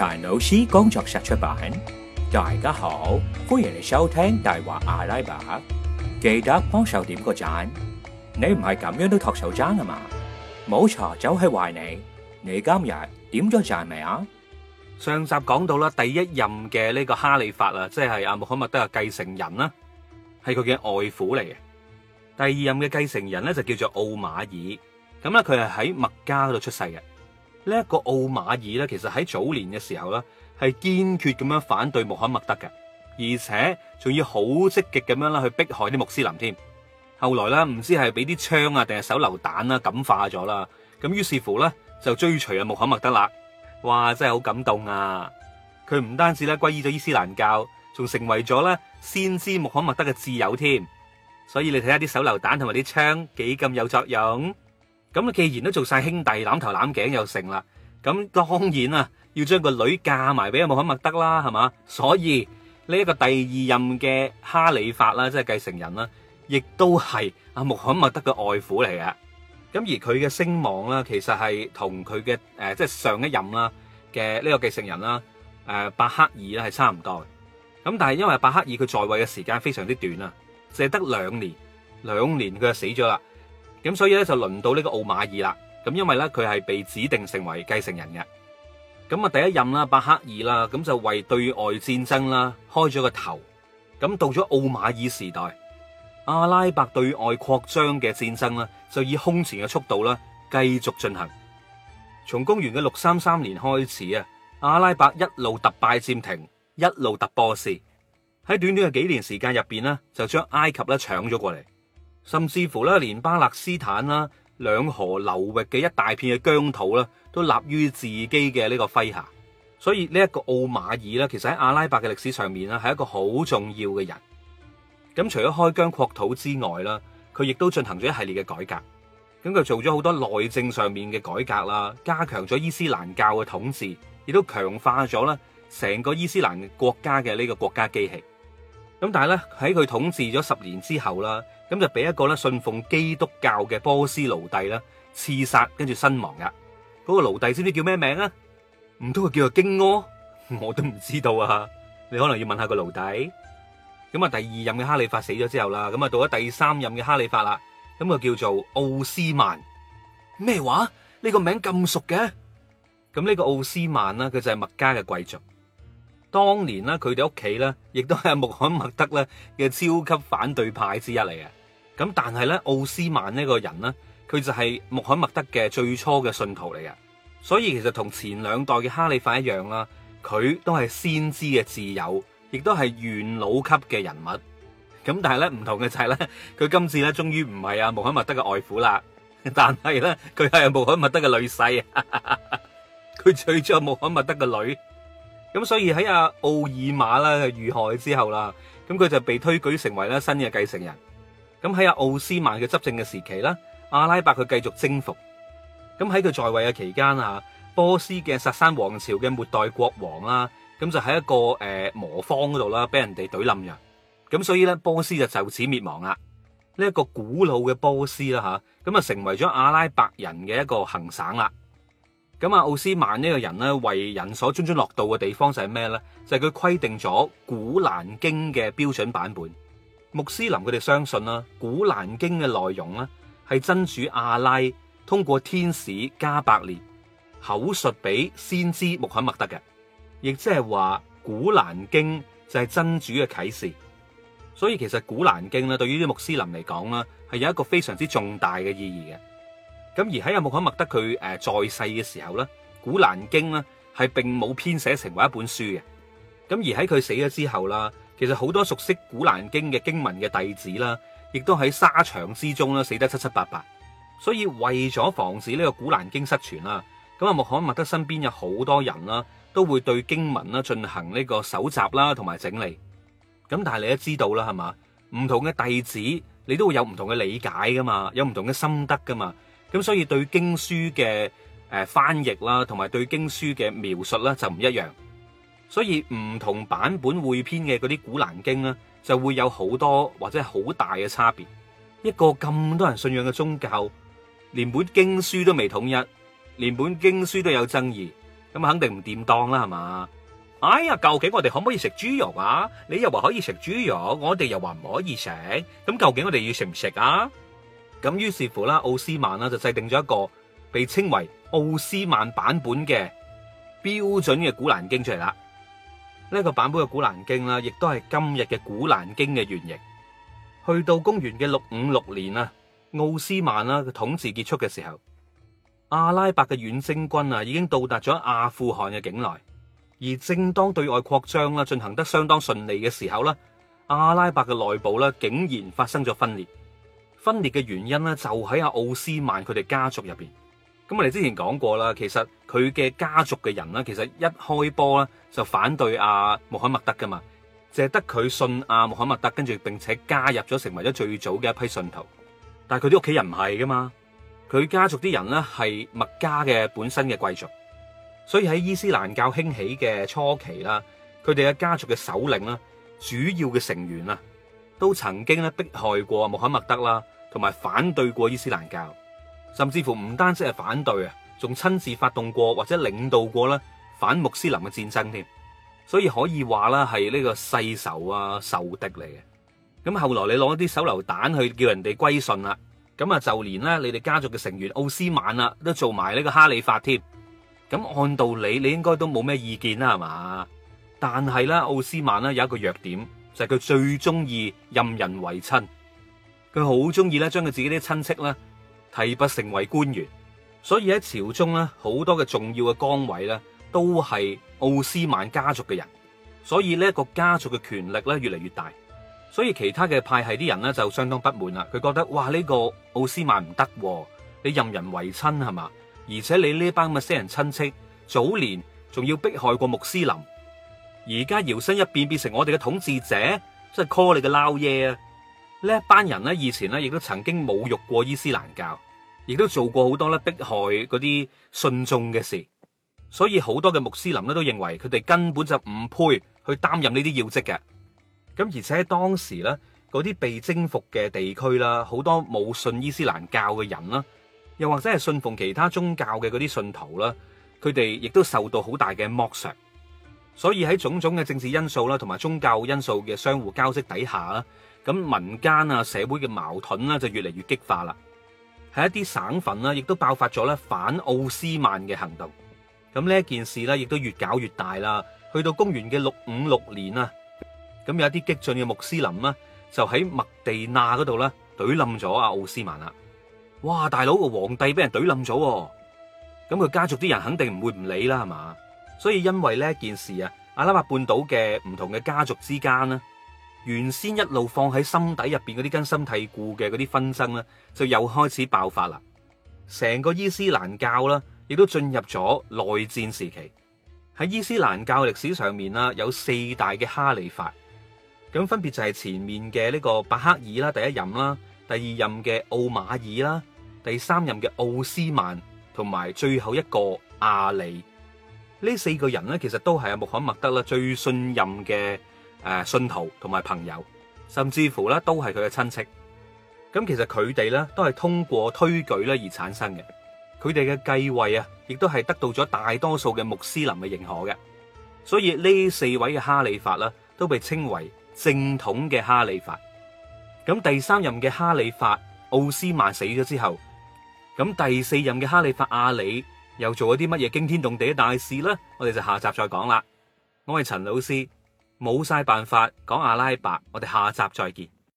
大老師工作室出版，大家好歡迎嚟收聽《大話阿拉伯》。記得幫手點個讚，你唔係咁樣都托手踭啊嘛？冇茶酒係壞你。你今日點咗讚未啊？上集講到啦，第一任嘅呢個哈里發啊，即係阿穆罕默德嘅繼承人啦，係佢嘅外父嚟嘅。第二任嘅繼承人咧就叫做奧馬爾，咁咧佢係喺麥加嗰度出世嘅。呢一個奧馬爾咧，其實喺早年嘅時候咧，係堅決咁樣反對穆罕默德嘅，而且仲要好積極咁樣啦，去逼害啲穆斯林添。後來咧，唔知係俾啲槍啊，定係手榴彈啦，感化咗啦。咁於是乎咧，就追隨啊穆罕默德啦。哇，真係好感動啊！佢唔單止咧皈依咗伊斯蘭教，仲成為咗咧先知穆罕默德嘅摯友添。所以你睇下啲手榴彈同埋啲槍幾咁有作用。咁既然都做晒兄弟，攬頭攬頸又成啦，咁當然啊，要將個女嫁埋俾阿穆罕默德啦，係嘛？所以呢個第二任嘅哈里發啦，即係繼承人啦，亦都係阿穆罕默德嘅外父嚟嘅。咁而佢嘅聲望啦，其實係同佢嘅誒，即係上一任啦嘅呢個繼承人啦，誒，伯克爾啦，係差唔多嘅。咁但係因為伯克爾佢在位嘅時間非常之短啊，淨係得兩年，兩年佢就死咗啦。咁所以咧就輪到呢個奧馬爾啦，咁因為咧佢係被指定成為繼承人嘅，咁啊第一任啦，伯克爾啦，咁就為對外戰爭啦開咗個頭，咁到咗奧馬爾時代，阿拉伯對外擴張嘅戰爭呢就以空前嘅速度啦繼續進行，從公元嘅六三三年開始啊，阿拉伯一路突拜占庭，一路突波斯，喺短短嘅幾年時間入邊呢就將埃及咧搶咗過嚟。甚至乎咧，連巴勒斯坦啦、兩河流域嘅一大片嘅疆土啦，都立於自己嘅呢個麾下。所以呢一個奧馬爾咧，其實喺阿拉伯嘅歷史上面啦，係一個好重要嘅人。咁除咗開疆擴土之外啦，佢亦都進行咗一系列嘅改革。咁佢做咗好多內政上面嘅改革啦，加強咗伊斯蘭教嘅統治，亦都強化咗咧成個伊斯蘭國家嘅呢個國家機器。咁但係咧，喺佢統治咗十年之後啦，咁就俾一個咧信奉基督教嘅波斯奴隸啦，刺殺，跟住身亡嘅。嗰個奴隸知唔知叫咩名啊？唔通佢叫做荊軻？我都唔知道啊！你可能要問下個奴隸。咁啊，第二任嘅哈里發死咗之後啦，咁啊到咗第三任嘅哈里發啦，咁啊叫做奧斯曼。咩話？呢個名咁熟嘅？咁呢個奧斯曼啦，佢就係麥加嘅貴族。當年咧，佢哋屋企咧，亦都係穆罕默德咧嘅超級反對派之一嚟嘅。咁但係咧，奧斯曼呢個人咧，佢就係穆罕默德嘅最初嘅信徒嚟嘅。所以其實同前兩代嘅哈里發一樣啦，佢都係先知嘅摯友，亦都係元老級嘅人物。咁但係咧，唔同嘅就係咧，佢今次咧，終於唔係阿穆罕默德嘅外父啦，但係咧，佢係穆罕默德嘅女婿，佢娶咗穆罕默德嘅女。咁所以喺阿奧爾馬啦遇害之後啦，咁佢就被推舉成為咧新嘅繼承人。咁喺阿奧斯曼嘅執政嘅時期啦，阿拉伯佢繼續征服。咁喺佢在位嘅期間啊，波斯嘅薩珊王朝嘅末代國王啦，咁就喺一個誒磨坊嗰度啦，俾人哋懟冧咗。咁所以咧，波斯就就此滅亡啦。呢、這、一個古老嘅波斯啦吓，咁啊成為咗阿拉伯人嘅一個行省啦。咁啊，奧斯曼呢個人咧，為人所津津樂道嘅地方就係咩咧？就係佢規定咗《古蘭經》嘅標準版本。穆斯林佢哋相信啦，《古蘭經》嘅內容咧係真主阿拉通過天使加百列口述俾先知穆罕默德嘅，亦即係話《古蘭經》就係真主嘅啟示。所以其實《古蘭經》咧，對於啲穆斯林嚟講咧，係有一個非常之重大嘅意義嘅。咁而喺阿穆罕默德佢誒在世嘅時候咧，《古蘭經》咧係並冇編寫成為一本書嘅。咁而喺佢死咗之後啦，其實好多熟悉《古蘭經》嘅經文嘅弟子啦，亦都喺沙場之中死得七七八八。所以為咗防止呢個古蘭《古蘭經》失傳啦，咁阿穆罕默德身邊有好多人啦，都會對經文啦進行呢個搜集啦同埋整理。咁但係你都知道啦，係嘛唔同嘅弟子，你都會有唔同嘅理解噶嘛，有唔同嘅心得噶嘛。咁所以對經書嘅誒翻譯啦，同埋對經書嘅描述啦，就唔一樣，所以唔同版本匯編嘅嗰啲古蘭經咧就會有好多或者好大嘅差別。一個咁多人信仰嘅宗教，連本經書都未統一，連本經書都有爭議，咁肯定唔掂當啦，係嘛？哎呀，究竟我哋可唔可以食豬肉啊？你又話可以食豬肉，我哋又話唔可以食，咁究竟我哋要食唔食啊？咁於是乎啦，奧斯曼就制定咗一個被稱為奧斯曼版本嘅標準嘅古蘭經出嚟啦。呢個版本嘅古蘭經呢，亦都係今日嘅古蘭經嘅原型。去到公元嘅六五六年啊，奧斯曼啦統治結束嘅時候，阿拉伯嘅遠征軍啊已經到達咗阿富汗嘅境內，而正當對外擴張啦進行得相當順利嘅時候啦，阿拉伯嘅內部啦竟然發生咗分裂。分裂嘅原因咧，就喺阿奧斯曼佢哋家族入邊。咁我哋之前講過啦，其實佢嘅家族嘅人啦，其實一開波咧就反對阿、啊、穆罕默德噶嘛，淨係得佢信阿、啊、穆罕默德，跟住並且加入咗成為咗最早嘅一批信徒。但係佢啲屋企人唔係噶嘛，佢家族啲人咧係麥加嘅本身嘅貴族，所以喺伊斯蘭教興起嘅初期啦，佢哋嘅家族嘅首領啦，主要嘅成員啊，都曾經咧迫害過穆罕默德啦，同埋反對過伊斯蘭教，甚至乎唔單止係反對啊，仲親自發動過或者領導過反穆斯林嘅戰爭添，所以可以話係呢個世仇啊、仇敵嚟嘅。咁後來你攞啲手榴彈去叫人哋歸信啦，咁啊就連咧你哋家族嘅成員奧斯曼啦都做埋呢個哈里發添。咁按道理你應該都冇咩意見啦係嘛？但係咧奧斯曼咧有一個弱點，就係佢最中意任人為親。佢好中意咧，將佢自己啲親戚咧提拔成為官員，所以喺朝中咧好多嘅重要嘅崗位咧都係奧斯曼家族嘅人，所以呢一個家族嘅權力咧越嚟越大，所以其他嘅派系啲人咧就相當不滿啦。佢覺得哇呢個奧斯曼唔得，你任人為親係嘛，而且你呢班乜死人親戚，早年仲要迫害過穆斯林，而家搖身一變變成我哋嘅統治者，真係 call 你嘅撈嘢啊！呢一班人呢，以前呢亦都曾經侮辱過伊斯蘭教，亦都做過好多咧迫害嗰啲信眾嘅事，所以好多嘅穆斯林咧都認為佢哋根本就唔配去擔任呢啲要職嘅。咁而且當時咧，嗰啲被征服嘅地區啦，好多冇信伊斯蘭教嘅人啦，又或者係信奉其他宗教嘅嗰啲信徒啦，佢哋亦都受到好大嘅剝削。所以喺種種嘅政治因素啦，同埋宗教因素嘅相互交織底下啦。咁民間啊社會嘅矛盾啦就越嚟越激化啦，喺一啲省份啊亦都爆發咗咧反奧斯曼嘅行動。咁呢一件事咧亦都越搞越大啦，去到公元嘅六五六年啊，咁有一啲激進嘅穆斯林啦，就喺麥地那嗰度咧，懟冧咗阿奧斯曼啦。哇，大佬個皇帝俾人懟冧咗喎！咁佢家族啲人肯定唔會唔理啦，係嘛？所以因為呢一件事啊，阿拉伯半島嘅唔同嘅家族之間呢原先一路放喺心底入邊嗰啲根深蒂固嘅嗰啲紛爭咧，就又開始爆發啦。成個伊斯蘭教啦，亦都進入咗內戰時期。喺伊斯蘭教歷史上面啦，有四大嘅哈里發，咁分別就係前面嘅呢個伯克爾啦，第一任啦，第二任嘅奧馬爾啦，第三任嘅奧斯曼，同埋最後一個阿里。呢四個人咧，其實都係阿穆罕默德啦最信任嘅。誒，信徒同埋朋友，甚至乎咧都係佢嘅親戚。咁其實佢哋咧都係通過推舉咧而產生嘅，佢哋嘅繼位啊，亦都係得到咗大多數嘅穆斯林嘅認可嘅。所以呢四位嘅哈里發啦，都被稱為正統嘅哈里發。咁第三任嘅哈里發奧斯曼死咗之後，咁第四任嘅哈里發阿里又做咗啲乜嘢驚天動地嘅大事呢？我哋就下集再講啦。我係陳老師。冇晒辦法，講阿拉伯，我哋下集再見。